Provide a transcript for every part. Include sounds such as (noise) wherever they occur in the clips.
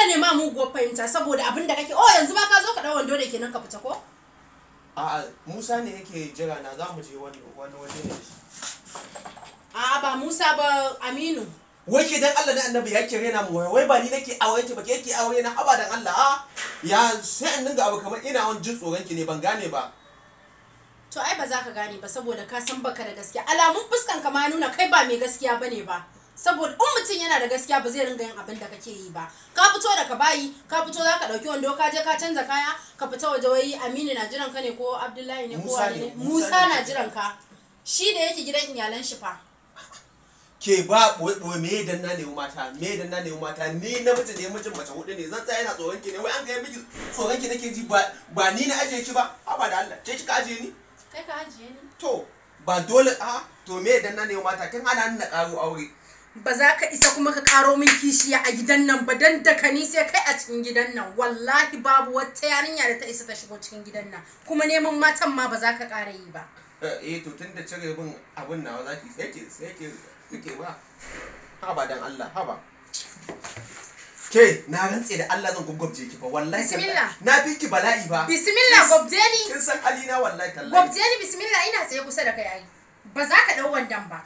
ka nema muguwar fahimta saboda abin da kake oh yanzu ba ka zo ka dau wando da kenan ka fita ko a'a Musa ne yake jira na za mu je wani wani waje ne a'a ba Musa ba Aminu wai ke dan Allah da annabi yake rena mu wai ba ni nake aure ki ba ke yake aure na dan Allah a ya sai an dinga abu kamar ina wani jin tsoron ki ne ban gane ba to ai ba za ka gane ba saboda ka san baka da gaskiya alamun fuskan ka ma nuna kai ba mai gaskiya bane ba saboda in mutum yana da gaskiya ba zai ringa yin abin da kake yi ba ka fito daga bayi ka fito za ka ɗauki wando ka je ka canza kaya ka fita waje wai aminu na jiran ka ne ko abdullahi ne ko wani musa na jiran ka shi da yake gidan iyalan shi fa ke ba ɓoye me dan na nemi mata me dan na nemi mata ni na miji ne mijin mace hudu ne zan tsaya ina tsoron ki ne wai an ga miji tsoron ki nake ji ba ba ni na ajiye ki ba a ba da Allah ke ka ajiye ni kai ka ajiye ni to ba dole a to me dan na nemi mata kin hana ni na karo aure ba za ka isa kuma ka karo min kishiya a gidan nan ba dan da ni sai kai a cikin gidan nan wallahi babu wata yarinya da ta isa ta shigo cikin gidan nan kuma neman matan ma ba za ka kara yi ba eh, eh to tun da cire bin abin nawa zaki sai ke sai ke kike ba haba dan Allah haba ke na rantse da Allah zan gogobje ki fa wallahi bismillah na fi ki bala'i ba bismillah gobje ni kin san alina wallahi tallahi gobje ni bismillah ina tsaye kusa da kai ai ba za ka dau wandan ba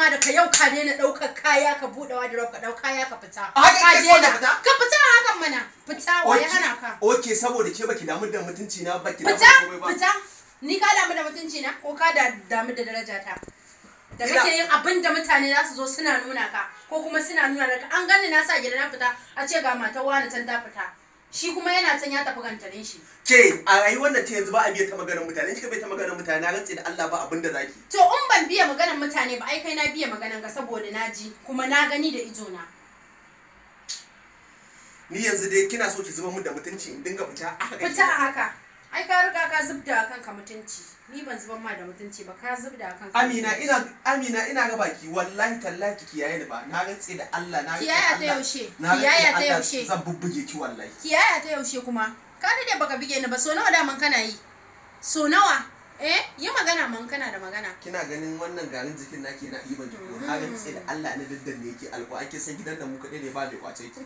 ma daga yau ka daina ɗaukar kaya ka buɗe wardrobe ka ɗau kaya ka fita. A haka ke so fita? Ka fita a hakan mana. Fita wa ya hana ka. Ok, saboda ke baki damu da mutunci na baki damu da komai ba. Fita ni ka damu da mutunci na ko ka damu da daraja ta. Da kake yin abin da mutane za su zo suna nuna ka ko kuma suna nuna ka an gani na sa gida na fita a ce ga matar wani can ta fita. shi kuma yana can ya tafi gantarin shi ke a rayuwar da ta yanzu ba a biya ta maganar mutane ka biya ta maganar mutane na rantse da Allah ba abin da zaki to in ban biya maganar mutane ba ai kai na biya maganar ka saboda na ji kuma na gani da ido na ni yanzu dai kina so ki zuba mu da mutunci in dinga fita a haka fita a haka ai ka riga ka zubda kanka mutunci ni ban zuban ma da mutunci ba ka zubda kanka amina ina amina ina ga baki wallahi tallahi ki kiyaye da ba na rantse da Allah na kiyaye ta yaushe kiyaye ta yaushe zan bubbuge ki wallahi kiyaye ta yaushe kuma ka dade baka bige ni ba so nawa da man kana yi so nawa eh yi magana man kana da magana kina ganin wannan garin jikin naki na iban ki ko na rantse da mm-hmm. Allah na daddan ne yake alko ake san gidan da mu kade ne ba mai kwace ki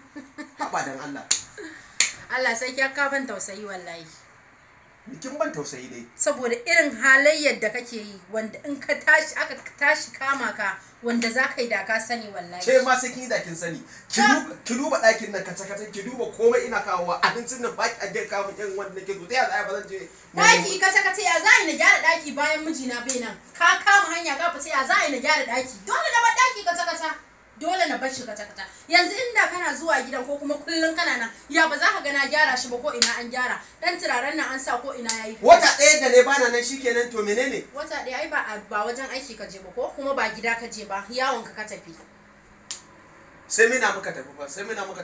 haba dan Allah (laughs) Allah sai ka ban tausayi wallahi bikin ban tausayi dai saboda irin halayyar da kake yi wanda in ka tashi aka tashi kama ka wanda za ka yi da ka sani wallahi ce ma sai kin da kin sani ki duba ɗakin nan kace kace ki duba komai ina kawowa abincin nan baki a gidan mu irin wanda nake zo sai za ba zan je daki kace kaca ya za na gyara daki bayan mijina bai nan ka kama hanya ka fita ya za na gyara daki dole da ba daki kace kaca dole na bar shi kata-kata yanzu inda kana zuwa gidan ko kuma kullum kana nan ya ba za ka ga na gyara shi ba ko ina an gyara dan turaren nan an sa ko ina yayi wata ɗaya da ne na nan shikenan to menene wata ɗaya ai ba ba wajen aiki ka je ba ko kuma ba gida ka je ba yawon ka ka tafi sai mina muka tafi ba sai mina muka